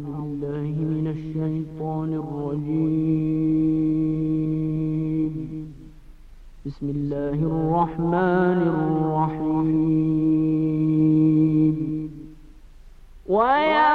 بالله من الشيطان الرجيم بسم الله الرحمن الرحيم ويا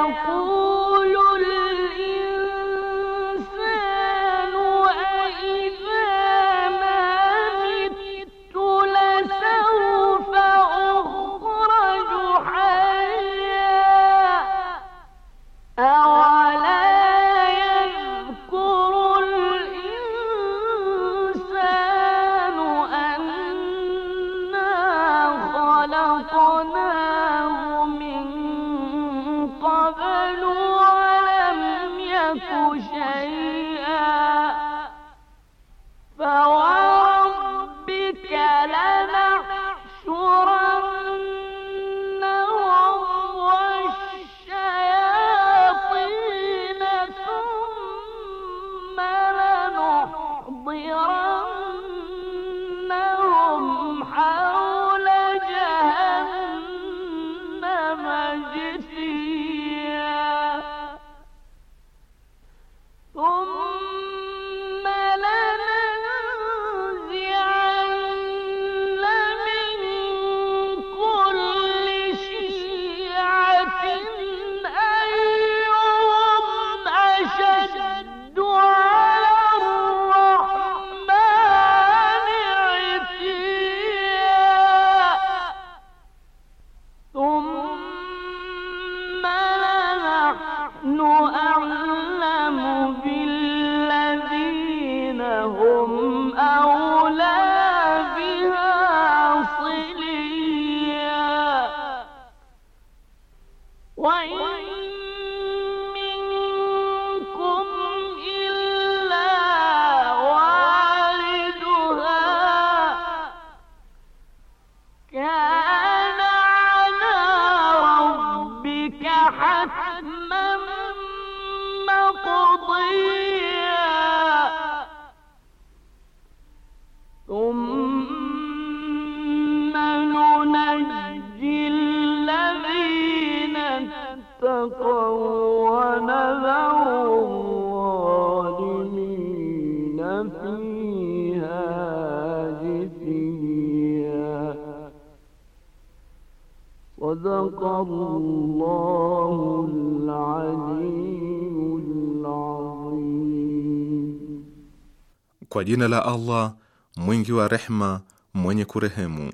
jina la Allah mwingi wa rehma, mwenye kurehemu.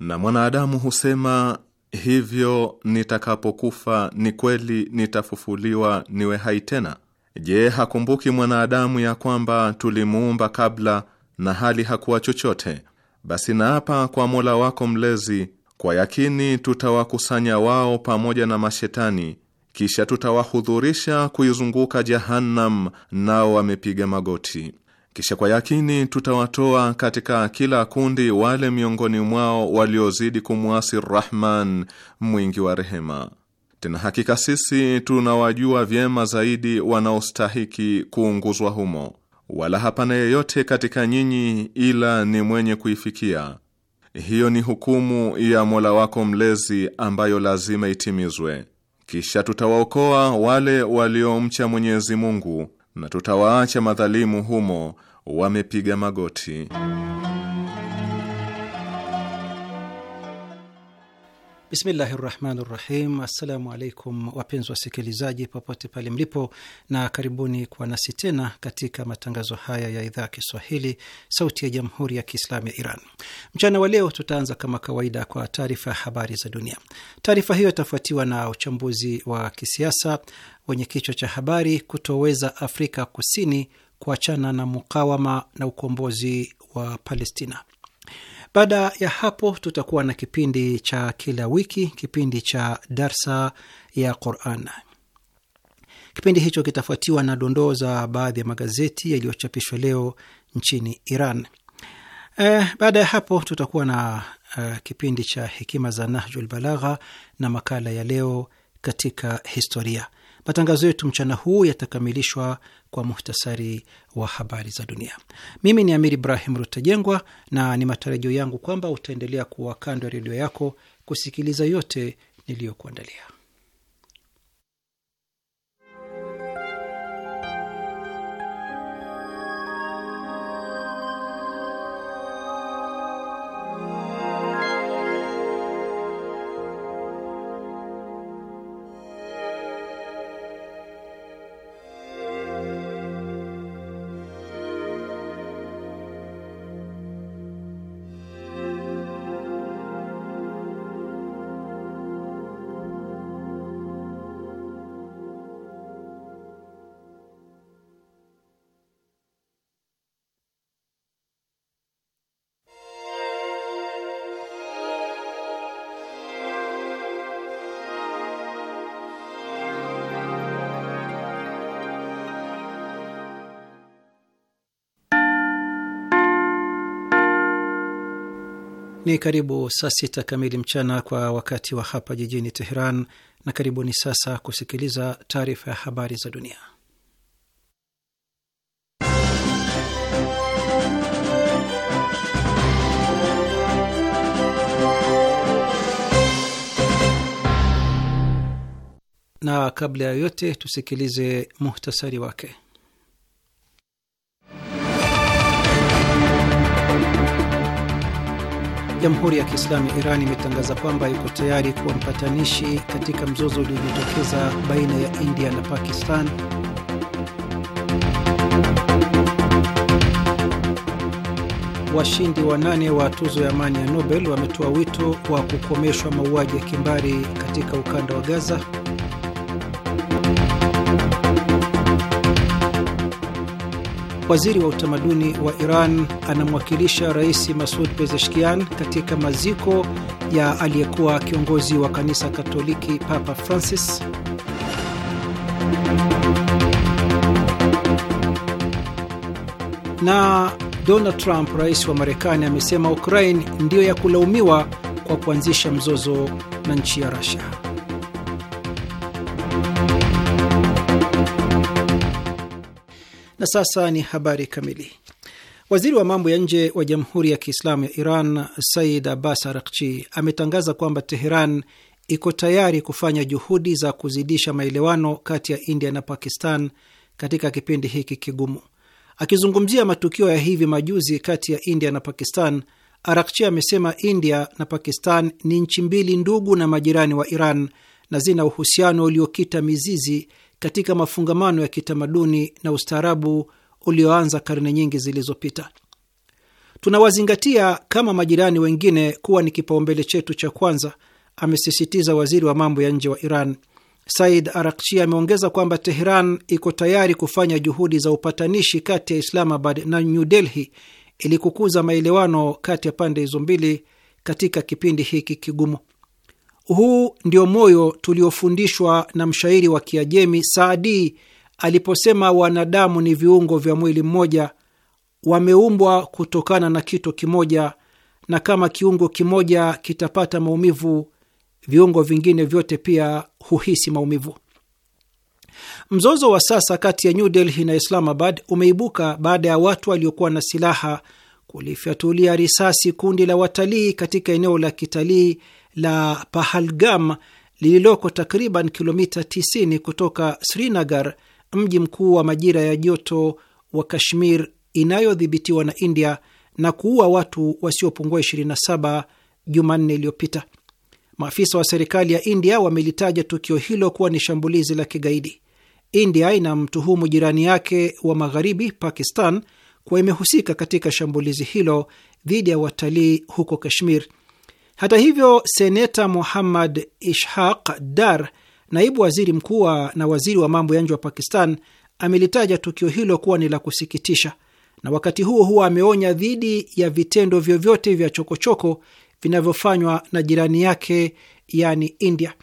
Na mwanadamu husema hivyo, nitakapokufa ni kweli nitafufuliwa niwe hai tena. Je, hakumbuki mwanadamu ya kwamba tulimuumba kabla na hali hakuwa chochote? Basi naapa kwa Mola wako Mlezi, kwa yakini tutawakusanya wao pamoja na mashetani, kisha tutawahudhurisha kuizunguka Jahannam, nao wamepiga magoti. Kisha kwa yakini tutawatoa katika kila kundi wale miongoni mwao waliozidi kumwasi Rahman mwingi wa rehema. Tena hakika sisi tunawajua vyema zaidi wanaostahiki kuunguzwa humo, wala hapana yeyote katika nyinyi ila ni mwenye kuifikia. Hiyo ni hukumu ya Mola wako Mlezi ambayo lazima itimizwe. Kisha tutawaokoa wale waliomcha Mwenyezi Mungu na tutawaacha madhalimu humo wamepiga magoti. Bismillahi rahmani rahim. Assalamu alaikum wapenzi wasikilizaji popote pale mlipo, na karibuni kwa nasi tena katika matangazo haya ya idhaa ya Kiswahili sauti ya jamhuri ya Kiislamu ya Iran. Mchana wa leo tutaanza kama kawaida kwa taarifa ya habari za dunia. Taarifa hiyo itafuatiwa na uchambuzi wa kisiasa wenye kichwa cha habari kutoweza Afrika Kusini kuachana na mukawama na ukombozi wa Palestina. Baada ya hapo, tutakuwa na kipindi cha kila wiki, kipindi cha darsa ya Quran. Kipindi hicho kitafuatiwa na dondoo za baadhi ya magazeti yaliyochapishwa leo nchini Iran. Eh, baada ya hapo tutakuwa na uh, kipindi cha hekima za Nahjul Balagha na makala ya leo katika historia. Matangazo yetu mchana huu yatakamilishwa kwa muhtasari wa habari za dunia. Mimi ni Amir Ibrahim Rutajengwa, na ni matarajio yangu kwamba utaendelea kuwa kando ya redio yako kusikiliza yote niliyokuandalia. Ni karibu saa sita kamili mchana kwa wakati wa hapa jijini Teheran, na karibuni sasa kusikiliza taarifa ya habari za dunia. Na kabla ya yote tusikilize muhtasari wake. Jamhuri ya Kiislamu ya Iran imetangaza kwamba iko tayari kuwa mpatanishi katika mzozo uliojitokeza baina ya India na Pakistan. Washindi wanane wa tuzo ya amani ya Nobel wametoa wito wa kukomeshwa mauaji ya kimbari katika ukanda wa Gaza. Waziri wa utamaduni wa Iran anamwakilisha Rais Masud Pezeshkian katika maziko ya aliyekuwa kiongozi wa kanisa Katoliki Papa Francis. Na Donald Trump, rais wa Marekani, amesema Ukraine ndiyo ya kulaumiwa kwa kuanzisha mzozo na nchi ya Russia. Na sasa ni habari kamili. Waziri wa mambo ya nje wa Jamhuri ya Kiislamu ya Iran Said Abbas Arakchi ametangaza kwamba Teheran iko tayari kufanya juhudi za kuzidisha maelewano kati ya India na Pakistan katika kipindi hiki kigumu. Akizungumzia matukio ya hivi majuzi kati ya India na Pakistan, Arakchi amesema India na Pakistan ni nchi mbili ndugu na majirani wa Iran na zina uhusiano uliokita mizizi katika mafungamano ya kitamaduni na ustaarabu ulioanza karne nyingi zilizopita. Tunawazingatia kama majirani wengine kuwa ni kipaumbele chetu cha kwanza, amesisitiza waziri wa mambo ya nje wa Iran. Said Arakchi ameongeza kwamba Teheran iko tayari kufanya juhudi za upatanishi kati ya Islamabad na New Delhi ili kukuza maelewano kati ya pande hizo mbili katika kipindi hiki kigumu. Huu ndio moyo tuliofundishwa na mshairi wa Kiajemi Saadi aliposema, wanadamu ni viungo vya mwili mmoja, wameumbwa kutokana na kito kimoja, na kama kiungo kimoja kitapata maumivu, viungo vingine vyote pia huhisi maumivu. Mzozo wa sasa kati ya New Delhi na Islamabad umeibuka baada ya watu waliokuwa na silaha kulifyatulia risasi kundi la watalii katika eneo la kitalii la Pahalgam lililoko takriban kilomita 90 kutoka Srinagar, mji mkuu wa majira ya joto wa Kashmir inayodhibitiwa na India na kuua watu wasiopungua 27 Jumanne iliyopita. Maafisa wa serikali ya India wamelitaja tukio hilo kuwa ni shambulizi la kigaidi. India inamtuhumu jirani yake wa magharibi, Pakistan, kuwa imehusika katika shambulizi hilo dhidi ya watalii huko Kashmir hata hivyo, seneta Muhammad Ishaq Dar, naibu waziri mkuu na waziri wa mambo ya nje wa Pakistan, amelitaja tukio hilo kuwa ni la kusikitisha, na wakati huo huo ameonya dhidi ya vitendo vyovyote vya chokochoko vinavyofanywa na jirani yake, yani India.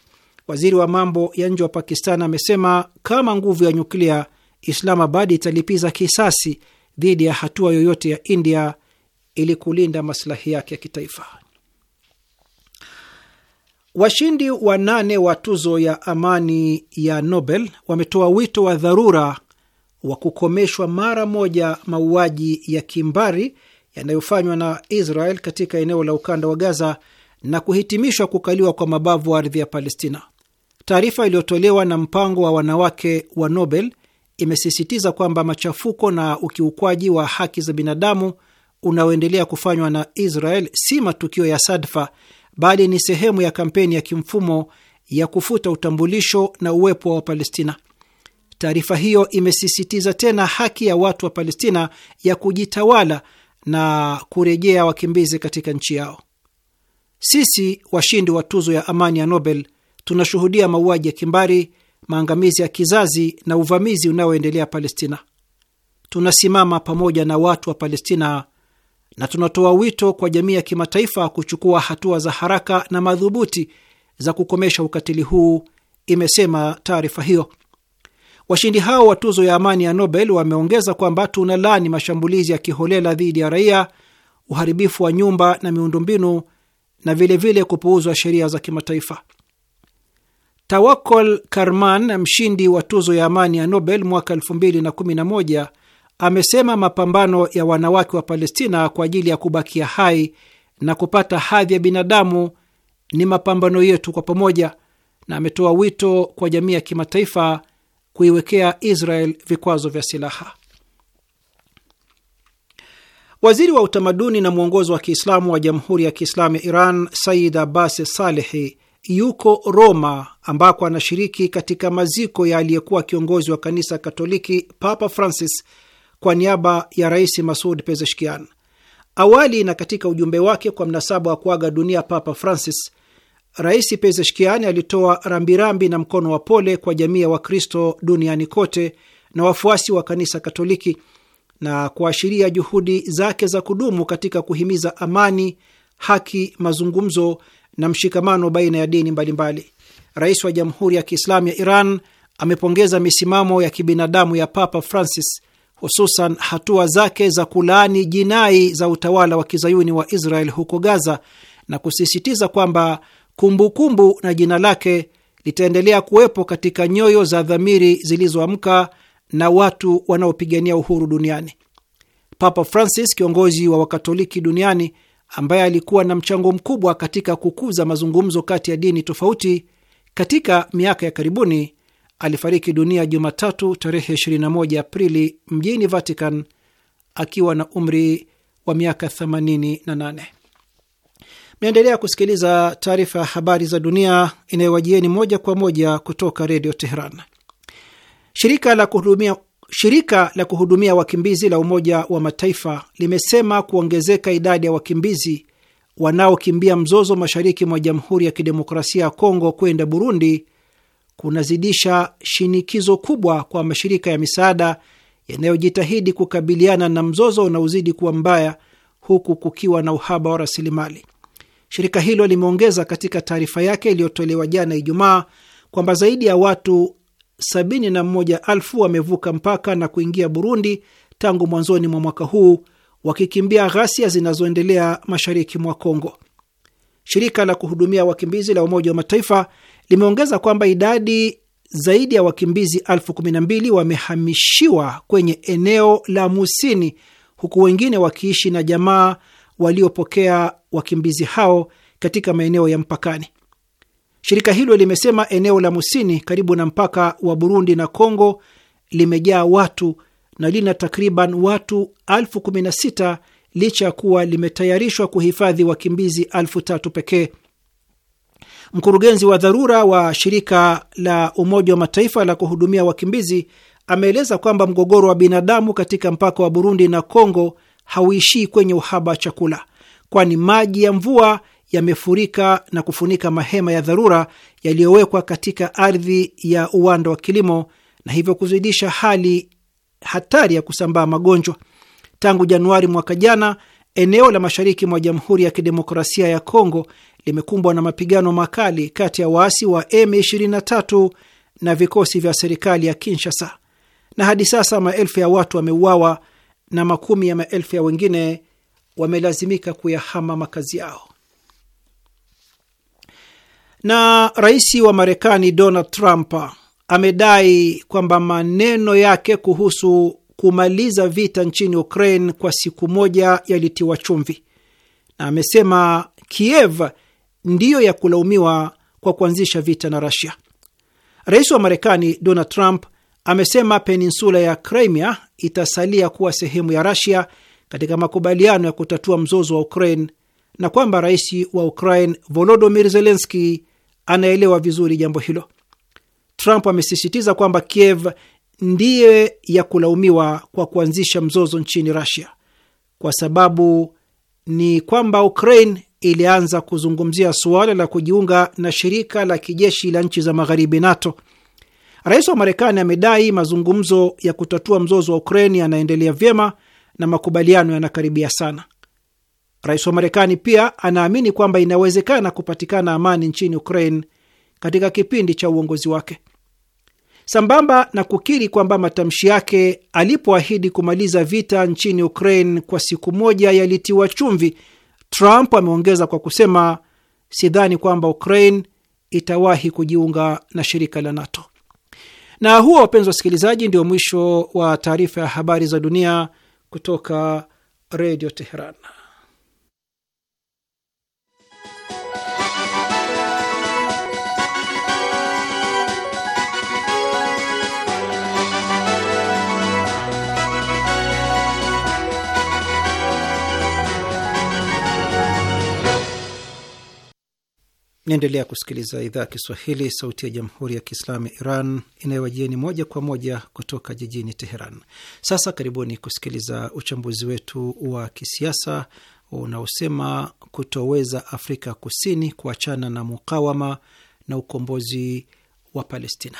Waziri wa mambo ya nje wa Pakistan amesema kama nguvu ya nyuklia, Islamabad italipiza kisasi dhidi ya hatua yoyote ya India ili kulinda maslahi yake ya kitaifa. Washindi wa nane wa tuzo ya amani ya Nobel wametoa wito wa dharura wa kukomeshwa mara moja mauaji ya kimbari yanayofanywa na Israel katika eneo la ukanda wa Gaza na kuhitimishwa kukaliwa kwa mabavu ardhi ya Palestina. Taarifa iliyotolewa na mpango wa wanawake wa Nobel imesisitiza kwamba machafuko na ukiukwaji wa haki za binadamu unaoendelea kufanywa na Israel si matukio ya sadfa, bali ni sehemu ya kampeni ya kimfumo ya kufuta utambulisho na uwepo wa Wapalestina. Taarifa hiyo imesisitiza tena haki ya watu wa Palestina ya kujitawala na kurejea wakimbizi katika nchi yao. Sisi washindi wa tuzo ya amani ya Nobel tunashuhudia mauaji ya kimbari, maangamizi ya kizazi na uvamizi unaoendelea Palestina. Tunasimama pamoja na watu wa Palestina na tunatoa wito kwa jamii ya kimataifa kuchukua hatua za haraka na madhubuti za kukomesha ukatili huu, imesema taarifa hiyo. Washindi hao wa tuzo ya amani ya Nobel wameongeza kwamba tunalaani mashambulizi ya kiholela dhidi ya raia, uharibifu wa nyumba na miundombinu, na vilevile kupuuzwa sheria za kimataifa. Tawakol Karman, mshindi wa tuzo ya amani ya Nobel mwaka 2011 amesema mapambano ya wanawake wa Palestina kwa ajili ya kubakia hai na kupata hadhi ya binadamu ni mapambano yetu kwa pamoja, na ametoa wito kwa jamii ya kimataifa kuiwekea Israel vikwazo vya silaha. Waziri wa utamaduni na mwongozo wa Kiislamu wa Jamhuri ya Kiislamu ya Iran Said Abbas Salehi yuko Roma ambako anashiriki katika maziko ya aliyekuwa kiongozi wa kanisa Katoliki Papa Francis kwa niaba ya Rais Masud Pezeshkian. Awali na katika ujumbe wake kwa mnasaba wa kuaga dunia Papa Francis, Rais Pezeshkian alitoa rambirambi na mkono wa pole kwa jamii ya Wakristo duniani kote na wafuasi wa kanisa Katoliki na kuashiria juhudi zake za kudumu katika kuhimiza amani, haki, mazungumzo na mshikamano baina ya dini mbalimbali. Rais wa Jamhuri ya Kiislamu ya Iran amepongeza misimamo ya kibinadamu ya Papa Francis hususan hatua zake za kulaani jinai za utawala wa kizayuni wa Israel huko Gaza na kusisitiza kwamba kumbukumbu kumbu na jina lake litaendelea kuwepo katika nyoyo za dhamiri zilizoamka na watu wanaopigania uhuru duniani. Papa Francis, kiongozi wa Wakatoliki duniani ambaye alikuwa na mchango mkubwa katika kukuza mazungumzo kati ya dini tofauti katika miaka ya karibuni, alifariki dunia Jumatatu tarehe 21 Aprili mjini Vatican akiwa na umri wa miaka 88. Mnaendelea kusikiliza taarifa ya habari za dunia inayowajieni moja kwa moja kutoka redio Teheran. Shirika la kuhudumia shirika la kuhudumia wakimbizi la Umoja wa Mataifa limesema kuongezeka idadi ya wakimbizi wanaokimbia mzozo mashariki mwa Jamhuri ya Kidemokrasia ya Kongo kwenda Burundi kunazidisha shinikizo kubwa kwa mashirika ya misaada yanayojitahidi kukabiliana na mzozo unaozidi kuwa mbaya huku kukiwa na uhaba wa rasilimali. Shirika hilo limeongeza katika taarifa yake iliyotolewa jana Ijumaa kwamba zaidi ya watu 71,000 wamevuka mpaka na kuingia Burundi tangu mwanzoni mwa mwaka huu wakikimbia ghasia zinazoendelea mashariki mwa Kongo. Shirika la kuhudumia wakimbizi la Umoja wa Mataifa limeongeza kwamba idadi zaidi ya wakimbizi elfu kumi na mbili wamehamishiwa kwenye eneo la Musini, huku wengine wakiishi na jamaa waliopokea wakimbizi hao katika maeneo ya mpakani. Shirika hilo limesema eneo la Musini karibu na mpaka wa Burundi na Kongo limejaa watu na lina takriban watu elfu kumi na sita licha ya kuwa limetayarishwa kuhifadhi wakimbizi elfu tatu pekee. Mkurugenzi wa dharura wa shirika la Umoja wa Mataifa la kuhudumia wakimbizi ameeleza kwamba mgogoro wa binadamu katika mpaka wa Burundi na Kongo hauishii kwenye uhaba wa chakula, kwani maji ya mvua yamefurika na kufunika mahema ya dharura yaliyowekwa katika ardhi ya uwanda wa kilimo na hivyo kuzidisha hali hatari ya kusambaa magonjwa. Tangu Januari mwaka jana, eneo la mashariki mwa Jamhuri ya Kidemokrasia ya Kongo limekumbwa na mapigano makali kati ya waasi wa M23 na vikosi vya serikali ya Kinshasa, na hadi sasa maelfu ya watu wameuawa na makumi ya maelfu ya wengine wamelazimika kuyahama makazi yao. Na rais wa Marekani Donald Trump amedai kwamba maneno yake kuhusu kumaliza vita nchini Ukraine kwa siku moja yalitiwa chumvi, na amesema Kiev ndiyo ya kulaumiwa kwa kuanzisha vita na Rasia. Rais wa Marekani Donald Trump amesema peninsula ya Crimea itasalia kuwa sehemu ya rasia katika makubaliano ya kutatua mzozo wa Ukraine na kwamba rais wa Ukraine Volodomir zelenski anaelewa vizuri jambo hilo. Trump amesisitiza kwamba Kiev ndiye ya kulaumiwa kwa kuanzisha mzozo nchini rasia kwa sababu ni kwamba Ukraine ilianza kuzungumzia suala la kujiunga na shirika la kijeshi la nchi za magharibi NATO. Rais wa Marekani amedai mazungumzo ya kutatua mzozo wa Ukraini yanaendelea vyema na makubaliano yanakaribia sana. Rais wa Marekani pia anaamini kwamba inawezekana kupatikana amani nchini Ukraine katika kipindi cha uongozi wake. Sambamba na kukiri kwamba matamshi yake alipoahidi kumaliza vita nchini Ukraine kwa siku moja yalitiwa chumvi Trump ameongeza kwa kusema, sidhani kwamba Ukraine itawahi kujiunga na shirika la NATO. Na huo, wapenzi wasikilizaji, ndio mwisho wa taarifa ya habari za dunia kutoka Redio Teheran. Naendelea kusikiliza idhaa ya Kiswahili, sauti ya jamhuri ya kiislamu ya Iran inayowajieni moja kwa moja kutoka jijini Teheran. Sasa karibuni kusikiliza uchambuzi wetu wa kisiasa unaosema kutoweza Afrika Kusini kuachana na mukawama na ukombozi wa Palestina.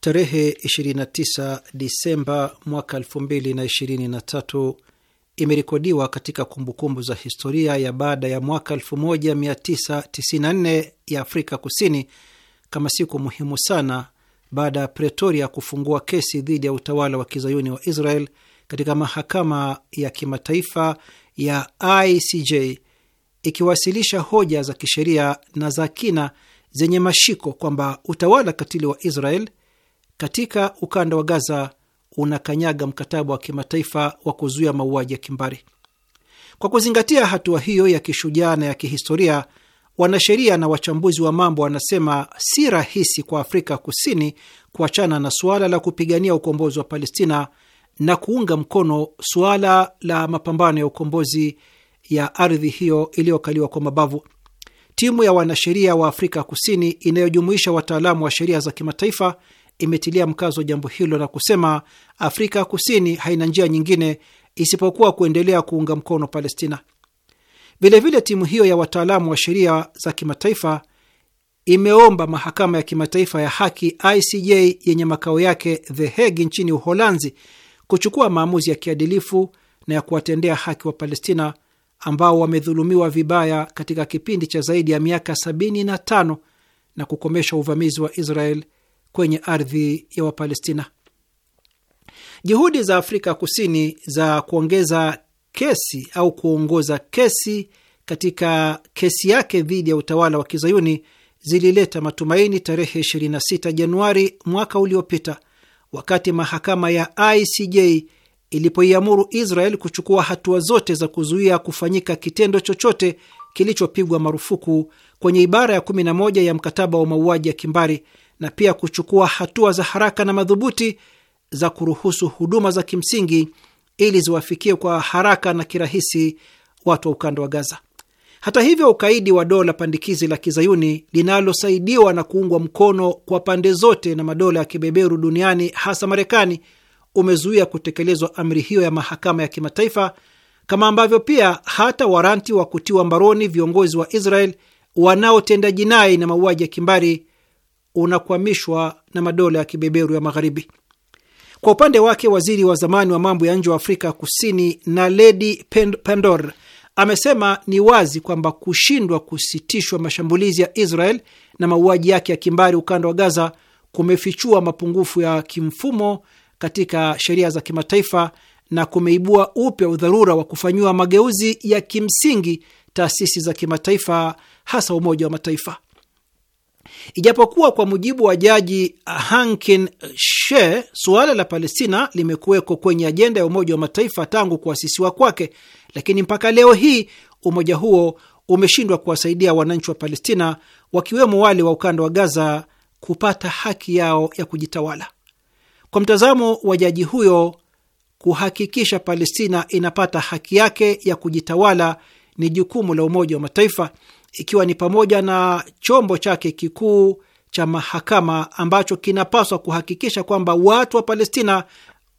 Tarehe 29 Disemba mwaka 2023 imerekodiwa katika kumbukumbu za historia ya baada ya mwaka 1994 ya Afrika Kusini kama siku muhimu sana baada ya Pretoria kufungua kesi dhidi ya utawala wa kizayuni wa Israel katika mahakama ya kimataifa ya ICJ ikiwasilisha hoja za kisheria na za kina zenye mashiko kwamba utawala katili wa Israel katika ukanda wa Gaza unakanyaga mkataba wa kimataifa wa kuzuia mauaji ya kimbari. Kwa kuzingatia hatua hiyo ya kishujaa na ya kihistoria, wanasheria na wachambuzi wa mambo wanasema si rahisi kwa Afrika Kusini kuachana na suala la kupigania ukombozi wa Palestina na kuunga mkono suala la mapambano ya ukombozi ya ardhi hiyo iliyokaliwa kwa mabavu. Timu ya wanasheria wa Afrika Kusini inayojumuisha wataalamu wa sheria za kimataifa imetilia mkazo jambo hilo na kusema Afrika Kusini haina njia nyingine isipokuwa kuendelea kuunga mkono Palestina. Vilevile, timu hiyo ya wataalamu wa sheria za kimataifa imeomba mahakama ya kimataifa ya haki ICJ yenye makao yake The Hague nchini Uholanzi kuchukua maamuzi ya kiadilifu na ya kuwatendea haki wa Palestina ambao wamedhulumiwa vibaya katika kipindi cha zaidi ya miaka 75 na kukomesha uvamizi wa Israel kwenye ardhi ya Wapalestina. Juhudi za Afrika Kusini za kuongeza kesi au kuongoza kesi katika kesi yake dhidi ya utawala wa kizayuni zilileta matumaini tarehe 26 Januari mwaka uliopita, wakati mahakama ya ICJ ilipoiamuru Israel kuchukua hatua zote za kuzuia kufanyika kitendo chochote kilichopigwa marufuku kwenye ibara ya 11 ya mkataba wa mauaji ya kimbari na pia kuchukua hatua za haraka na madhubuti za kuruhusu huduma za kimsingi ili ziwafikie kwa haraka na kirahisi watu wa ukanda wa Gaza. Hata hivyo, ukaidi wa dola pandikizi la kizayuni linalosaidiwa na kuungwa mkono kwa pande zote na madola ya kibeberu duniani hasa Marekani umezuia kutekelezwa amri hiyo ya mahakama ya kimataifa, kama ambavyo pia hata waranti wa kutiwa mbaroni viongozi wa Israel wanaotenda jinai na mauaji ya kimbari unakwamishwa na madola ya kibeberu ya Magharibi. Kwa upande wake, waziri wa zamani wa mambo ya nje wa Afrika Kusini Naledi Pandor amesema ni wazi kwamba kushindwa kusitishwa mashambulizi ya Israel na mauaji yake ya kimbari ukanda wa Gaza kumefichua mapungufu ya kimfumo katika sheria za kimataifa na kumeibua upya udharura wa kufanyiwa mageuzi ya kimsingi taasisi za kimataifa hasa Umoja wa Mataifa. Ijapokuwa kwa mujibu wa jaji Hankin She, suala la Palestina limekuwekwa kwenye ajenda ya Umoja wa Mataifa tangu kuasisiwa kwake, lakini mpaka leo hii umoja huo umeshindwa kuwasaidia wananchi wa Palestina, wakiwemo wale wa ukanda wa Gaza kupata haki yao ya kujitawala. Kwa mtazamo wa jaji huyo, kuhakikisha Palestina inapata haki yake ya kujitawala ni jukumu la Umoja wa Mataifa ikiwa ni pamoja na chombo chake kikuu cha mahakama ambacho kinapaswa kuhakikisha kwamba watu wa Palestina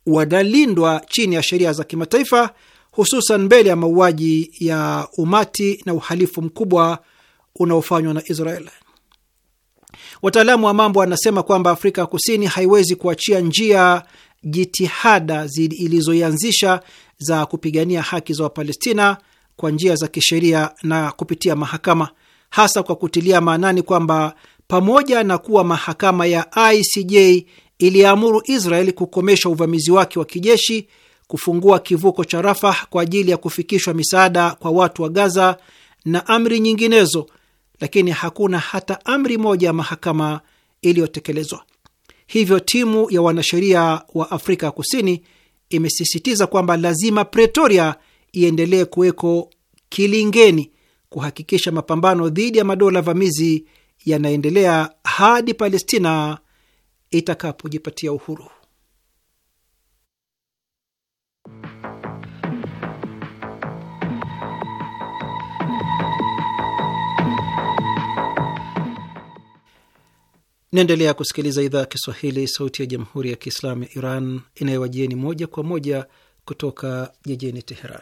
wanalindwa chini ya sheria za kimataifa, hususan mbele ya mauaji ya umati na uhalifu mkubwa unaofanywa na Israel. Wataalamu wa mambo wanasema kwamba Afrika Kusini haiwezi kuachia njia jitihada zilizoianzisha za kupigania haki za Wapalestina kwa njia za kisheria na kupitia mahakama, hasa kwa kutilia maanani kwamba pamoja na kuwa mahakama ya ICJ iliamuru Israeli kukomesha uvamizi wake wa kijeshi, kufungua kivuko cha Rafah kwa ajili ya kufikishwa misaada kwa watu wa Gaza na amri nyinginezo, lakini hakuna hata amri moja ya mahakama iliyotekelezwa. Hivyo timu ya wanasheria wa Afrika Kusini imesisitiza kwamba lazima Pretoria iendelee kuweko kilingeni kuhakikisha mapambano dhidi ya madola vamizi yanaendelea hadi Palestina itakapojipatia uhuru. Naendelea kusikiliza idhaa ya Kiswahili, sauti ya jamhuri ya kiislamu ya Iran inayowajieni moja kwa moja kutoka jijini Teheran.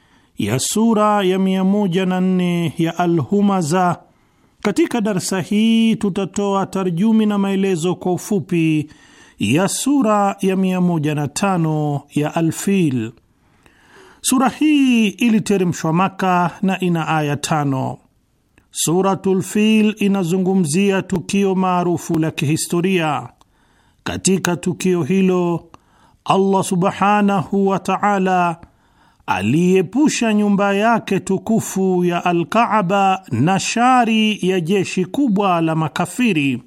ya sura ya 104 ya Alhumaza. Katika darsa hii tutatoa tarjumi na maelezo kwa ufupi ya sura ya 105 ya Alfil. Sura hii iliteremshwa Maka na ina aya tano. Suratul Fil inazungumzia tukio maarufu la kihistoria. Katika tukio hilo, Allah subhanahu wa ta'ala aliyepusha nyumba yake tukufu ya Alkaaba na shari ya jeshi kubwa la makafiri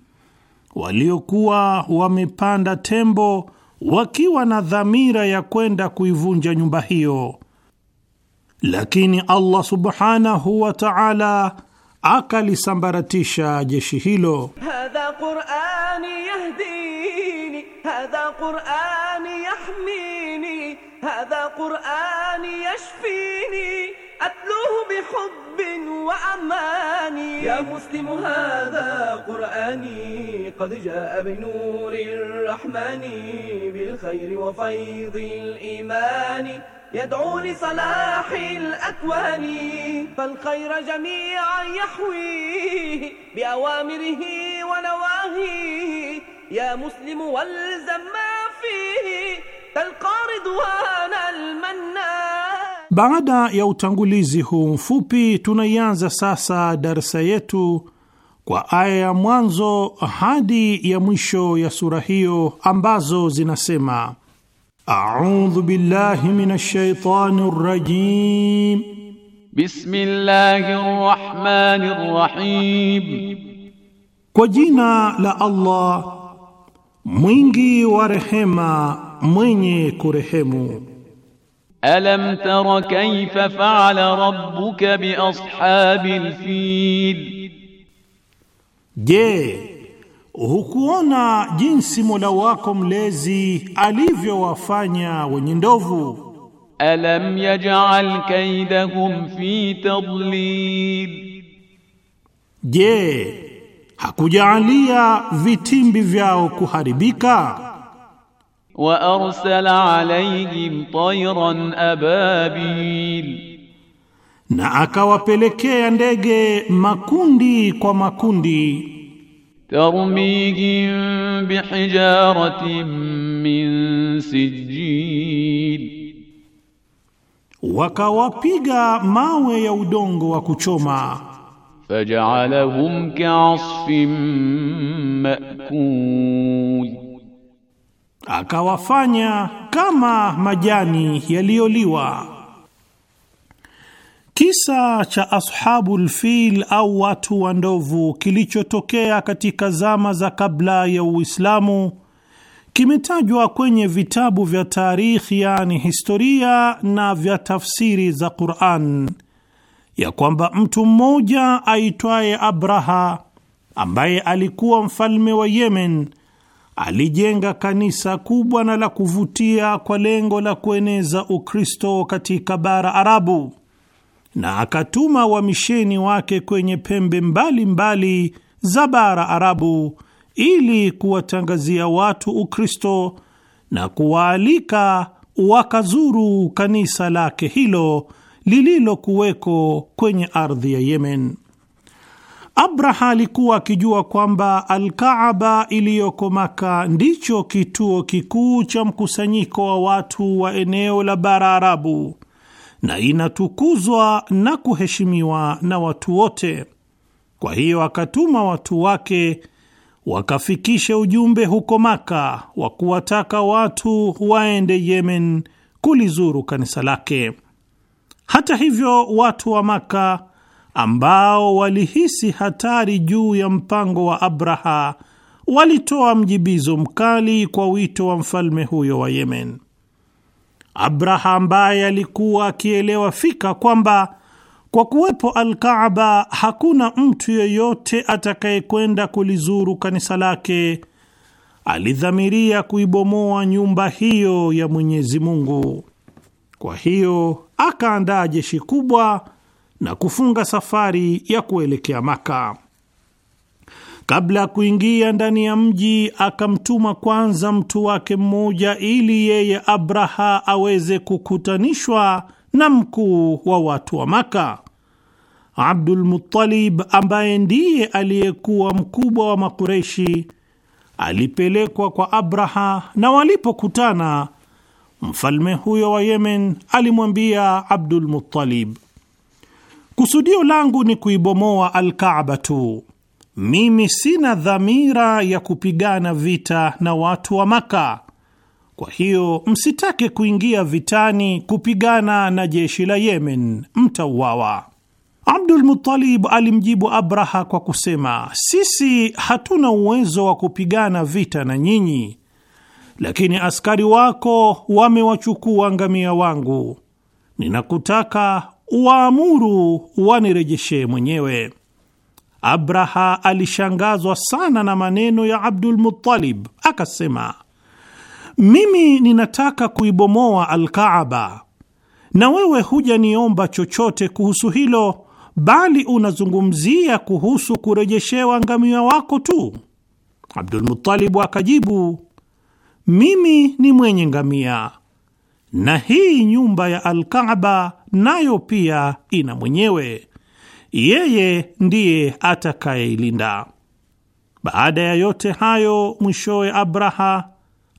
waliokuwa wamepanda tembo wakiwa na dhamira ya kwenda kuivunja nyumba hiyo, lakini Allah subhanahu wa ta'ala akalisambaratisha jeshi hilo. Hadha Qur'ani yahdini, hadha Qur'ani هذا قرآن يشفيني أتلوه بحب وأمان يا مسلم هذا قرآني قد جاء بنور الرحمن بالخير وفيض الإيمان يدعو لصلاح الأكوان فالخير جميعا يحويه بأوامره ونواهيه يا مسلم والزم ما فيه تلقى رضوان Baada ya utangulizi huu mfupi, tunaianza sasa darsa yetu kwa aya ya mwanzo hadi ya mwisho ya sura hiyo ambazo zinasema: audhu billahi minash shaitani rajim, bismillahir rahmanir rahim, kwa jina la Allah mwingi wa rehema mwenye kurehemu. Alam tara kayfa faala rabbuka bi ashabil fil, Je, hukuona jinsi Mola wako mlezi alivyowafanya wenye ndovu? Alam yaj'al kaidahum fi tadlil, Je, hakujaalia vitimbi vyao kuharibika? wa arsala alayhim tayran ababil, na akawapelekea ndege makundi kwa makundi. Tarmihim bihijaratin min sijil, wakawapiga mawe ya udongo wa kuchoma. Faj'alahum ka'asfin ma'kul akawafanya kama majani yaliyoliwa. Kisa cha ashabul fil au watu wa ndovu kilichotokea katika zama za kabla ya Uislamu kimetajwa kwenye vitabu vya tarikhi, yani historia na vya tafsiri za Qur'an, ya kwamba mtu mmoja aitwaye Abraha ambaye alikuwa mfalme wa Yemen alijenga kanisa kubwa na la kuvutia kwa lengo la kueneza Ukristo katika bara Arabu na akatuma wamisheni wake kwenye pembe mbalimbali mbali za bara Arabu ili kuwatangazia watu Ukristo na kuwaalika wakazuru kanisa lake hilo lililokuweko kwenye ardhi ya Yemen. Abraha alikuwa akijua kwamba Alkaaba iliyoko Maka ndicho kituo kikuu cha mkusanyiko wa watu wa eneo la bara Arabu na inatukuzwa na kuheshimiwa na watu wote. Kwa hiyo akatuma watu wake wakafikishe ujumbe huko Maka wa kuwataka watu waende Yemen kulizuru kanisa lake. Hata hivyo, watu wa Maka ambao walihisi hatari juu ya mpango wa Abraha walitoa mjibizo mkali kwa wito wa mfalme huyo wa Yemen. Abraha ambaye alikuwa akielewa fika kwamba kwa kuwepo Alkaaba hakuna mtu yeyote atakayekwenda kulizuru kanisa lake, alidhamiria kuibomoa nyumba hiyo ya Mwenyezi Mungu. Kwa hiyo akaandaa jeshi kubwa na kufunga safari ya kuelekea Maka. Kabla ya kuingia ndani ya mji, akamtuma kwanza mtu wake mmoja ili yeye Abraha aweze kukutanishwa na mkuu wa watu wa Maka, Abdul Muttalib, ambaye ndiye aliyekuwa mkubwa wa Makureshi. Alipelekwa kwa Abraha, na walipokutana, mfalme huyo wa Yemen alimwambia Abdul Muttalib, Kusudio langu ni kuibomoa Alkaaba tu. Mimi sina dhamira ya kupigana vita na watu wa Maka. Kwa hiyo msitake kuingia vitani kupigana na jeshi la Yemen, mtauawa. Abdul Muttalib alimjibu Abraha kwa kusema, sisi hatuna uwezo wa kupigana vita na nyinyi, lakini askari wako wamewachukua ngamia wangu. Ninakutaka waamuru wanirejeshee mwenyewe. Abraha alishangazwa sana na maneno ya Abdul Muttalib, akasema, mimi ninataka kuibomoa Alkaaba na wewe hujaniomba chochote kuhusu hilo, bali unazungumzia kuhusu kurejeshewa ngamia wako tu. Abdul akajibu, mimi ni mwenye ngamia na hii nyumba ya Alkaaba nayo pia ina mwenyewe, yeye ndiye atakayeilinda. Baada ya yote hayo, mwishowe Abraha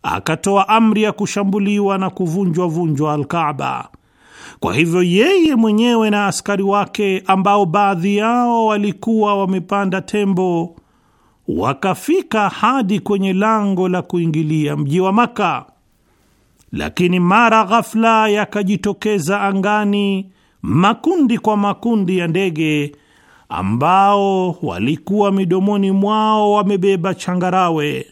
akatoa amri ya kushambuliwa na kuvunjwa vunjwa Alkaaba. Kwa hivyo yeye mwenyewe na askari wake ambao baadhi yao walikuwa wamepanda tembo wakafika hadi kwenye lango la kuingilia mji wa Maka lakini mara ghafla yakajitokeza angani makundi kwa makundi ya ndege ambao walikuwa midomoni mwao wamebeba changarawe,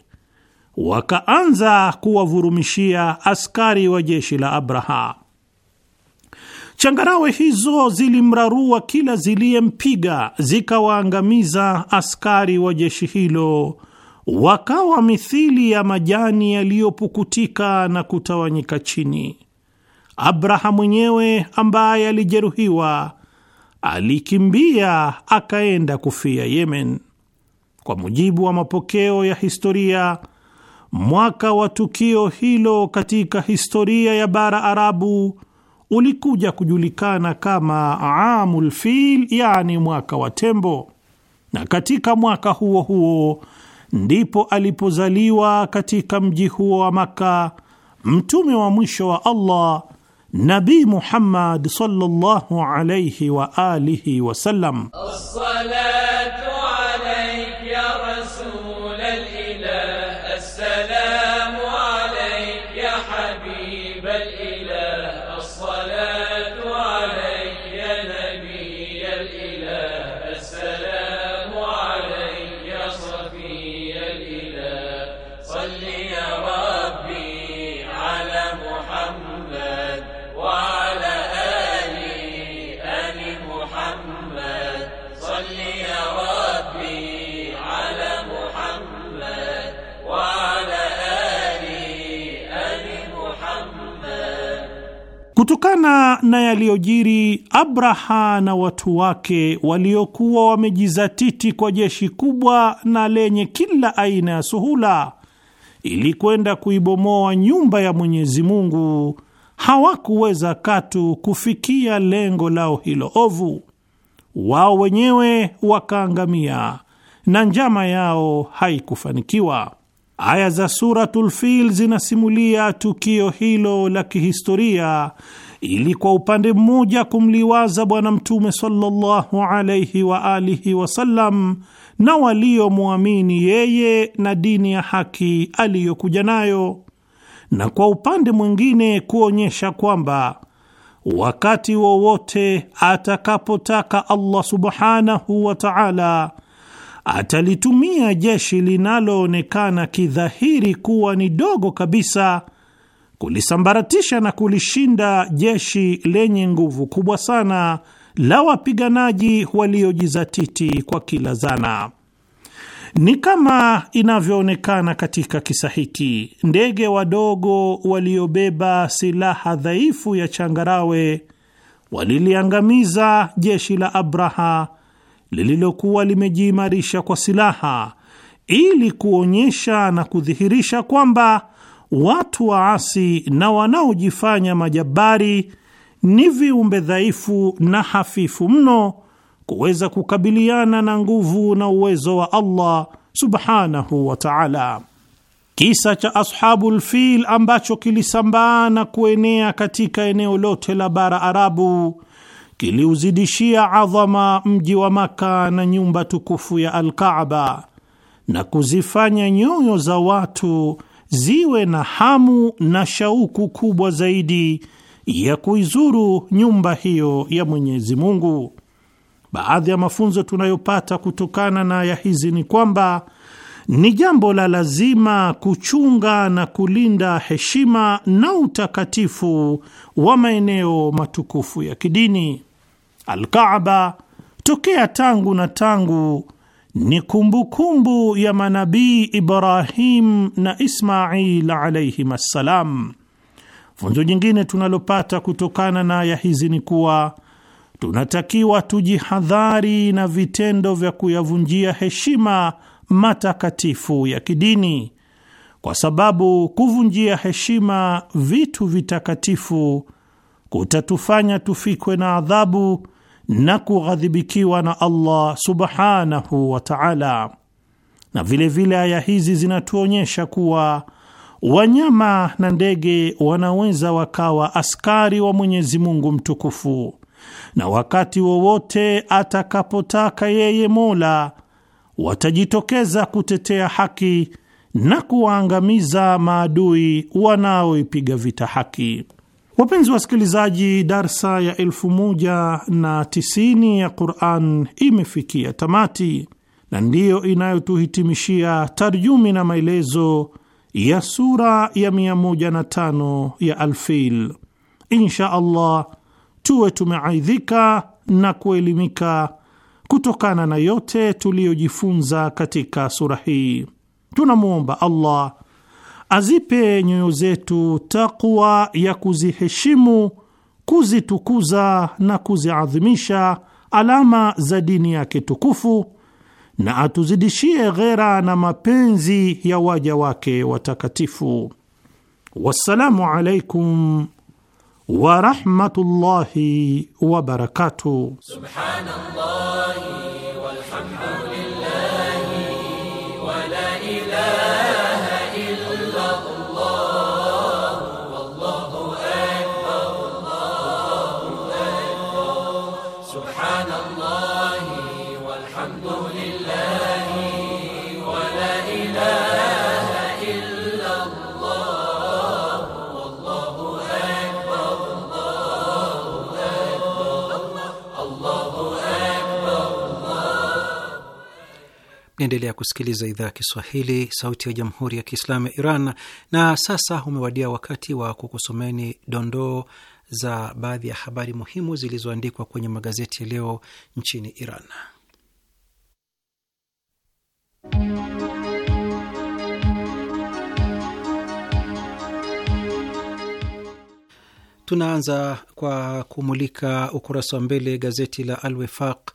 wakaanza kuwavurumishia askari wa jeshi la Abraha. Changarawe hizo zilimrarua kila ziliyempiga, zikawaangamiza askari wa jeshi hilo wakawa mithili ya majani yaliyopukutika na kutawanyika chini. Abraha mwenyewe ambaye alijeruhiwa alikimbia akaenda kufia Yemen. Kwa mujibu wa mapokeo ya historia, mwaka wa tukio hilo katika historia ya bara Arabu ulikuja kujulikana kama Amul Fil, yani mwaka wa tembo, na katika mwaka huo huo ndipo alipozaliwa katika mji huo wa Makka mtume wa mwisho wa Allah Nabi Muhammad sallallahu alayhi wa alihi wasallam. As-salatu Kutokana na yaliyojiri, Abraha na watu wake waliokuwa wamejizatiti kwa jeshi kubwa na lenye kila aina ya suhula ili kwenda kuibomoa nyumba ya Mwenyezi Mungu hawakuweza katu kufikia lengo lao hilo ovu. Wao wenyewe wakaangamia na njama yao haikufanikiwa. Aya za Suratul Fil zinasimulia tukio hilo la kihistoria ili kwa upande mmoja kumliwaza Bwana Mtume sallallahu alaihi wa alihi wasallam na waliomwamini yeye na dini ya haki aliyokuja nayo, na kwa upande mwingine kuonyesha kwamba wakati wowote atakapotaka Allah subhanahu wa ta'ala atalitumia jeshi linaloonekana kidhahiri kuwa ni dogo kabisa kulisambaratisha na kulishinda jeshi lenye nguvu kubwa sana la wapiganaji waliojizatiti kwa kila zana. Ni kama inavyoonekana katika kisa hiki, ndege wadogo waliobeba silaha dhaifu ya changarawe waliliangamiza jeshi la Abraha lililokuwa limejiimarisha kwa silaha ili kuonyesha na kudhihirisha kwamba watu waasi na wanaojifanya majabari ni viumbe dhaifu na hafifu mno kuweza kukabiliana na nguvu na uwezo wa Allah subhanahu wa ta'ala. Kisa cha ashabul fil ambacho kilisambaa na kuenea katika eneo lote la bara Arabu kiliuzidishia adhama mji wa Maka na nyumba tukufu ya Al-Kaaba na kuzifanya nyoyo za watu ziwe na hamu na shauku kubwa zaidi ya kuizuru nyumba hiyo ya Mwenyezi Mungu. Baadhi ya mafunzo tunayopata kutokana na aya hizi ni kwamba ni jambo la lazima kuchunga na kulinda heshima na utakatifu wa maeneo matukufu ya kidini. Alkaaba tokea tangu na tangu ni kumbukumbu kumbu ya manabii Ibrahim na Ismail alayhim assalam. Funzo jingine tunalopata kutokana na aya hizi ni kuwa tunatakiwa tujihadhari na vitendo vya kuyavunjia heshima matakatifu ya kidini, kwa sababu kuvunjia heshima vitu vitakatifu kutatufanya tufikwe na adhabu na kughadhibikiwa na Allah subhanahu wa ta'ala. Na vile vile aya hizi zinatuonyesha kuwa wanyama na ndege wanaweza wakawa askari wa Mwenyezi Mungu mtukufu, na wakati wowote atakapotaka yeye Mola watajitokeza kutetea haki na kuwaangamiza maadui wanaoipiga vita haki. Wapenzi wasikilizaji, darsa ya elfu moja na tisini ya Quran imefikia tamati na ndiyo inayotuhitimishia tarjumi na maelezo ya sura ya tano ya Alfil. Insha Allah tuwe tumeaidhika na kuelimika kutokana na yote tuliyojifunza katika sura hii. Tunamwomba Allah azipe nyoyo zetu takwa ya kuziheshimu, kuzitukuza na kuziadhimisha alama za dini yake tukufu, na atuzidishie ghera na mapenzi ya waja wake watakatifu. Wassalamu alaikum warahmatullahi wabarakatuh. Subhanallah. Naendelea kusikiliza idhaa ya Kiswahili, sauti ya jamhuri ya kiislamu ya Iran. Na sasa umewadia wakati wa kukusomeni dondoo za baadhi ya habari muhimu zilizoandikwa kwenye magazeti ya leo nchini Iran. Tunaanza kwa kumulika ukurasa wa mbele gazeti la Al Wefaq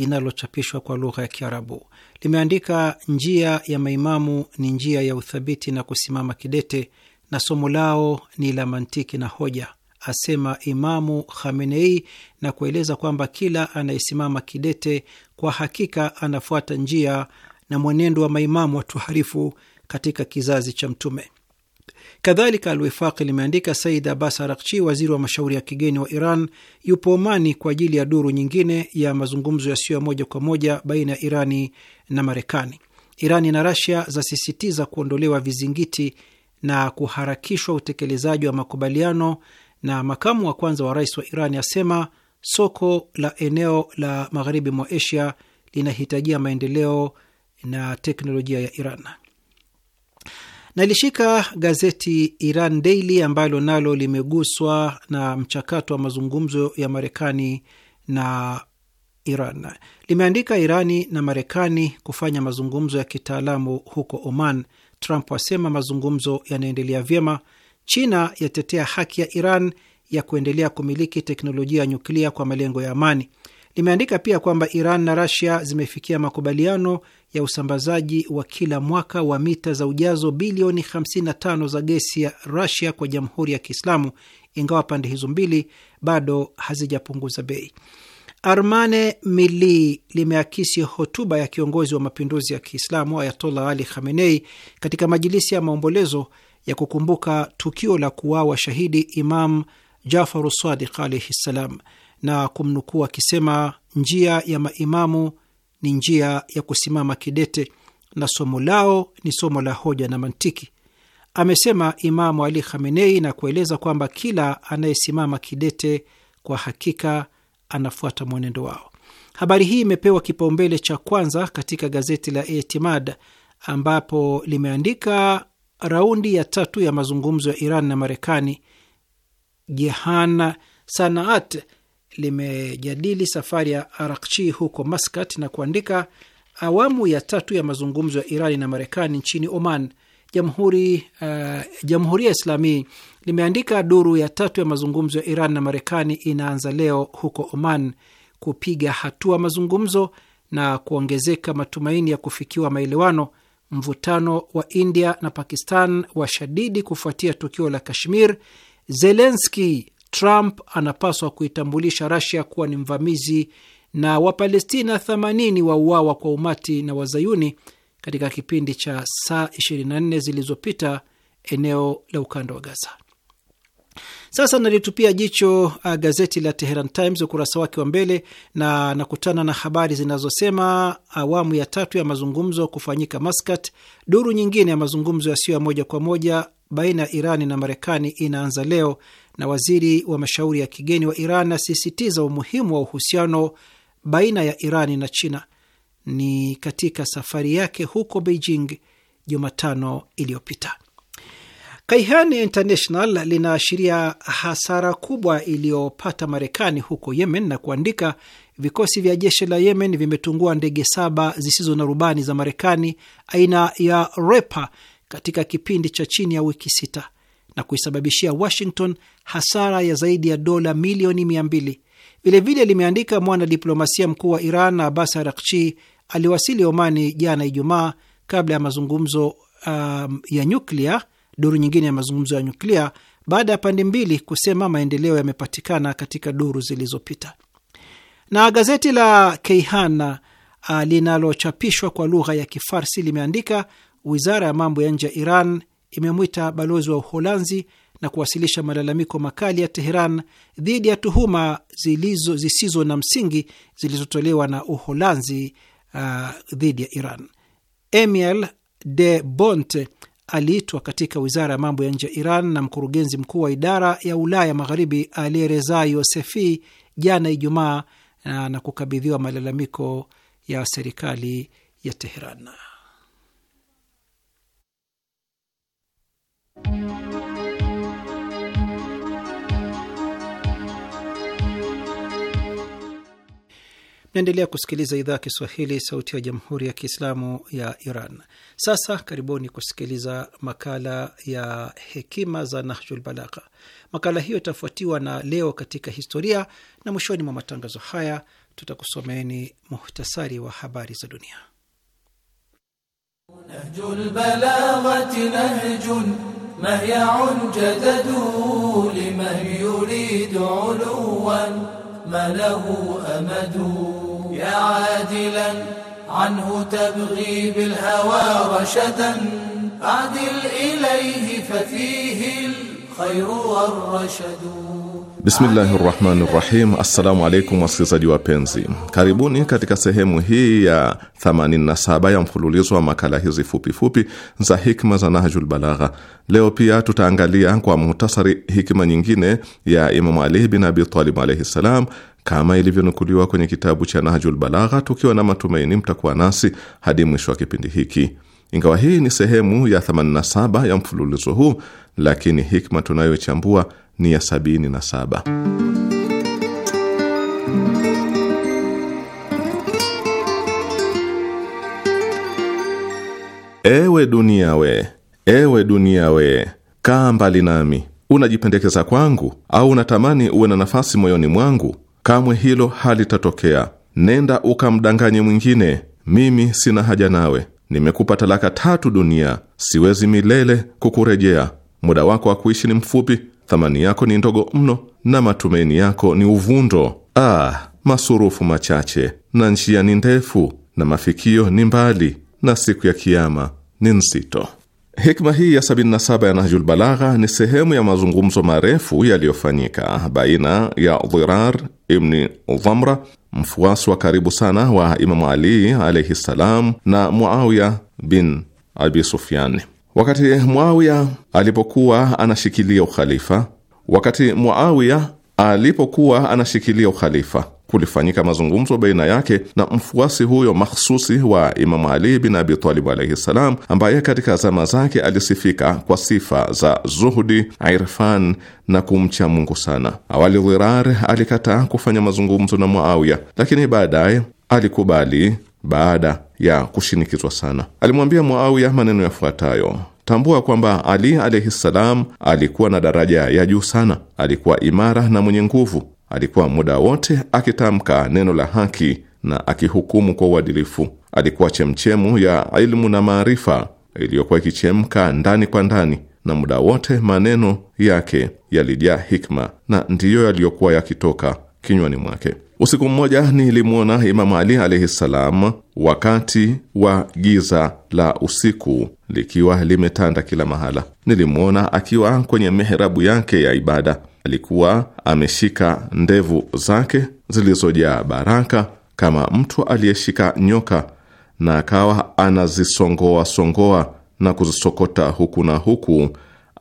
linalochapishwa kwa lugha ya Kiarabu. Limeandika njia ya maimamu ni njia ya uthabiti na kusimama kidete, na somo lao ni la mantiki na hoja, asema Imamu Khamenei, na kueleza kwamba kila anayesimama kidete kwa hakika anafuata njia na mwenendo wa maimamu watuharifu katika kizazi cha Mtume. Kadhalika, alwifaqi limeandika Said Abbas Arakchi, waziri wa mashauri ya kigeni wa Iran, yupo Omani kwa ajili ya duru nyingine ya mazungumzo yasiyo ya moja kwa moja baina ya Irani na Marekani. Irani na Rasia zasisitiza kuondolewa vizingiti na kuharakishwa utekelezaji wa makubaliano, na makamu wa kwanza wa rais wa Irani asema soko la eneo la magharibi mwa Asia linahitajia maendeleo na teknolojia ya Iran. Nalishika gazeti Iran Daily ambalo nalo limeguswa na mchakato wa mazungumzo ya Marekani na Iran. Limeandika Irani na Marekani kufanya mazungumzo ya kitaalamu huko Oman. Trump asema mazungumzo yanaendelea vyema. China yatetea haki ya Iran ya kuendelea kumiliki teknolojia ya nyuklia kwa malengo ya amani. Limeandika pia kwamba Iran na Rasia zimefikia makubaliano ya usambazaji wa kila mwaka wa mita za ujazo bilioni 55 za gesi ya Rasia kwa Jamhuri ya Kiislamu, ingawa pande hizo mbili bado hazijapunguza bei. Armane Mili limeakisi hotuba ya kiongozi wa mapinduzi ya Kiislamu Ayatollah Ali Khamenei katika majilisi ya maombolezo ya kukumbuka tukio la kuwawa shahidi Imam Jafaru Sadiq alaihi ssalam na kumnukuu akisema, njia ya maimamu ni njia ya kusimama kidete na somo lao ni somo la hoja na mantiki, amesema Imamu Ali Khamenei, na kueleza kwamba kila anayesimama kidete kwa hakika anafuata mwenendo wao. Habari hii imepewa kipaumbele cha kwanza katika gazeti la Etimad ambapo limeandika raundi ya tatu ya mazungumzo ya Iran na Marekani, Jehan Sanaat limejadili safari ya Arakchi huko Maskat na kuandika awamu ya tatu ya mazungumzo ya Irani na Marekani nchini Oman. Jamhuri uh, Jamhuri ya Islami limeandika duru ya tatu ya mazungumzo ya Iran na Marekani inaanza leo huko Oman, kupiga hatua mazungumzo na kuongezeka matumaini ya kufikiwa maelewano. Mvutano wa India na Pakistan washadidi kufuatia tukio la Kashmir. Zelenski Trump anapaswa kuitambulisha Rasia kuwa ni mvamizi na Wapalestina 80 wauawa kwa umati na Wazayuni katika kipindi cha saa 24 zilizopita eneo la ukanda wa Gaza. Sasa nalitupia jicho uh, gazeti la Teheran Times ukurasa wake wa mbele, na nakutana na habari zinazosema awamu ya tatu ya mazungumzo kufanyika Maskat. Duru nyingine ya mazungumzo yasiyo ya moja kwa moja baina ya Irani na Marekani inaanza leo, na waziri wa mashauri ya kigeni wa Iran asisitiza umuhimu wa uhusiano baina ya Irani na China. Ni katika safari yake huko Beijing Jumatano iliyopita. Kaihan International linaashiria hasara kubwa iliyopata Marekani huko Yemen na kuandika, vikosi vya jeshi la Yemen vimetungua ndege saba zisizo na rubani za Marekani aina ya Repa katika kipindi cha chini ya wiki sita na kuisababishia Washington hasara ya zaidi ya dola milioni mia mbili. Vilevile limeandika mwanadiplomasia mkuu wa Iran Abbas arakchi aliwasili Omani jana Ijumaa kabla ya mazungumzo um, ya nyuklia duru nyingine ya mazungumzo ya nyuklia baada ya pande mbili kusema maendeleo yamepatikana katika duru zilizopita. Na gazeti la Keihana uh, linalochapishwa kwa lugha ya Kifarsi limeandika wizara ya mambo ya nje ya Iran imemwita balozi wa Uholanzi na kuwasilisha malalamiko makali ya Teheran dhidi ya tuhuma zilizo zisizo na msingi zilizotolewa na Uholanzi uh, dhidi ya Iran. Emil de Bonte aliitwa katika wizara ya mambo ya nje ya Iran na mkurugenzi mkuu wa idara ya Ulaya Magharibi Alireza Yosefi jana Ijumaa na, na kukabidhiwa malalamiko ya serikali ya Teheran. naendelea kusikiliza idhaa ya Kiswahili, sauti ya jamhuri ya kiislamu ya Iran. Sasa karibuni kusikiliza makala ya hekima za Nahjul Balagha. Makala hiyo itafuatiwa na leo katika historia, na mwishoni mwa matangazo haya tutakusomeeni muhtasari wa habari za dunia. Nahjul يا عادلا عنه تبغي بالهوى رشدا أعدل إليه ففيه الخير والرشد Bismillahi rahmani rahim. Assalamu alaikum wasikilizaji wapenzi, karibuni katika sehemu hii ya 87 ya mfululizo wa makala hizi fupifupi za hikma za Nahjul Balagha. Leo pia tutaangalia kwa muhtasari hikma nyingine ya Imamu Ali bin Abi Talib alaihi ssalam kama ilivyonukuliwa kwenye kitabu cha Nahjul Balagha, tukiwa na matumaini mtakuwa nasi hadi mwisho wa kipindi hiki. Ingawa hii ni sehemu ya 87 ya mfululizo huu, lakini hikma tunayochambua ni ya sabini na saba. Ewe dunia we, ewe dunia we, kaa mbali nami. Unajipendekeza kwangu au unatamani uwe na nafasi moyoni mwangu? Kamwe hilo halitatokea. Nenda ukamdanganye mwingine, mimi sina haja nawe. Nimekupa talaka tatu dunia, siwezi milele kukurejea. Muda wako wa kuishi ni mfupi, thamani yako ni ndogo mno na matumaini yako ni uvundo. Ah, masurufu machache na njia ni ndefu na mafikio ni mbali na siku ya kiama ni nzito. Hikma hii ya 77 ya Nahjul Balagha ni sehemu ya mazungumzo marefu yaliyofanyika baina ya Dhirar ibni Dhamra, mfuasi wa karibu sana wa Imamu Ali alaihi ssalam, na Muawiya bin Abi sufiani Wakati Muawiya alipokuwa anashikilia ukhalifa, wakati Muawiya alipokuwa anashikilia ukhalifa, kulifanyika mazungumzo baina yake na mfuasi huyo makhususi wa Imamu Ali bin Abi Talib alaihi ssalam, ambaye katika zama zake alisifika kwa sifa za zuhudi, irfan na kumcha Mungu sana. Awali Dhirar alikataa kufanya mazungumzo na Muawiya, lakini baadaye alikubali baada ya kushinikizwa sana. Alimwambia Muawiya maneno yafuatayo: Tambua kwamba Ali alaihi ssalam alikuwa na daraja ya juu sana, alikuwa imara na mwenye nguvu, alikuwa muda wote akitamka neno la haki na akihukumu kwa uadilifu. Alikuwa chemchemu ya ilmu na maarifa iliyokuwa ikichemka ndani kwa ndani, na muda wote maneno yake yalijaa hikma na ndiyo yaliyokuwa yakitoka kinywani mwake. Usiku mmoja nilimwona Imamu Ali alaihi ssalam wakati wa giza la usiku likiwa limetanda kila mahala. Nilimwona akiwa kwenye mihrabu yake ya ibada, alikuwa ameshika ndevu zake zilizojaa baraka kama mtu aliyeshika nyoka, na akawa anazisongoa songoa na kuzisokota huku na huku,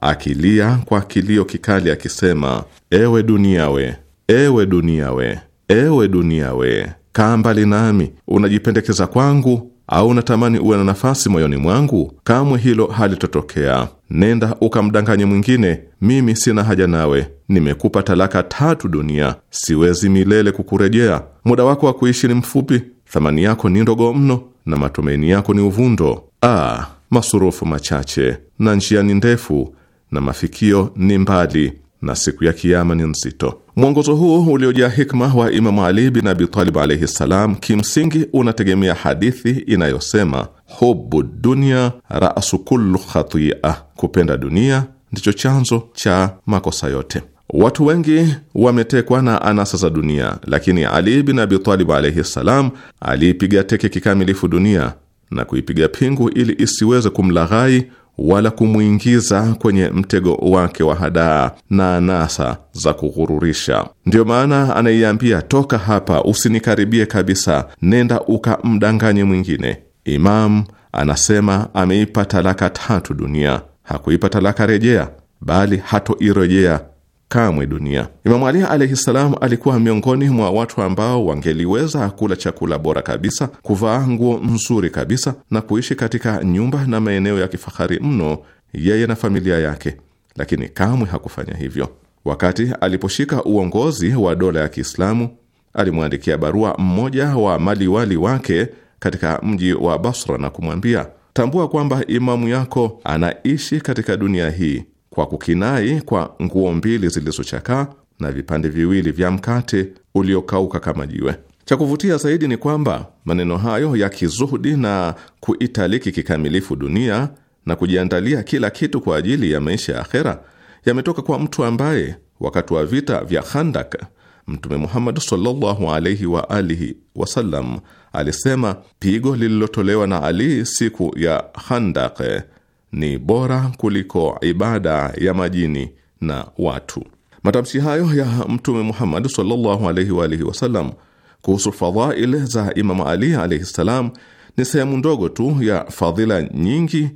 akilia kwa kilio kikali akisema: ewe dunia we, ewe dunia we Ewe dunia we, kaa mbali nami, unajipendekeza kwangu au unatamani uwe na nafasi moyoni mwangu? Kamwe hilo halitotokea. Nenda ukamdanganye mwingine, mimi sina haja nawe. Nimekupa talaka tatu dunia, siwezi milele kukurejea. Muda wako wa kuishi ni mfupi, thamani yako ni ndogo mno, na matumaini yako ni uvundo. Ah, masurufu machache na njia ni ndefu, na mafikio ni mbali na siku ya Kiama ni nzito. Mwongozo huu uliojaa hikma wa Imamu Ali bin Abi Talib alaihi ssalam, kimsingi unategemea hadithi inayosema hubu dunia rasu kullu khatia, kupenda dunia ndicho chanzo cha makosa yote. Watu wengi wametekwa na anasa za dunia, lakini Ali bin Abi Talib alaihi ssalam aliipiga teke kikamilifu dunia na kuipiga pingu ili isiweze kumlaghai wala kumwingiza kwenye mtego wake wa hadaa na anasa za kughururisha. Ndiyo maana anaiambia, toka hapa, usinikaribie kabisa, nenda ukamdanganye mwingine. imam anasema ameipa talaka tatu dunia, hakuipa talaka rejea, bali hatoirejea kamwe dunia. Imamu Ali alaihi salam alikuwa miongoni mwa watu ambao wangeliweza kula chakula bora kabisa, kuvaa nguo nzuri kabisa, na kuishi katika nyumba na maeneo ya kifahari mno, yeye na familia yake, lakini kamwe hakufanya hivyo. Wakati aliposhika uongozi wa dola ya Kiislamu, alimwandikia barua mmoja wa maliwali wake katika mji wa Basra na kumwambia, tambua kwamba imamu yako anaishi katika dunia hii kwa kukinai kwa nguo mbili zilizochakaa na vipande viwili vya mkate uliokauka kama jiwe. Cha kuvutia zaidi ni kwamba maneno hayo ya kizuhudi na kuitaliki kikamilifu dunia na kujiandalia kila kitu kwa ajili ya maisha ya akhera yametoka kwa mtu ambaye wakati wa vita vya Khandak Mtume Muhammad sallallahu alaihi wa alihi wasallam alisema, pigo lililotolewa na Ali siku ya Khandak ni bora kuliko ibada ya majini na watu. Matamshi hayo ya Mtume Muhammad sallallahu alaihi wa alihi wasallam kuhusu fadhail za Imamu Ali alaihi ssalam ni sehemu ndogo tu ya fadhila nyingi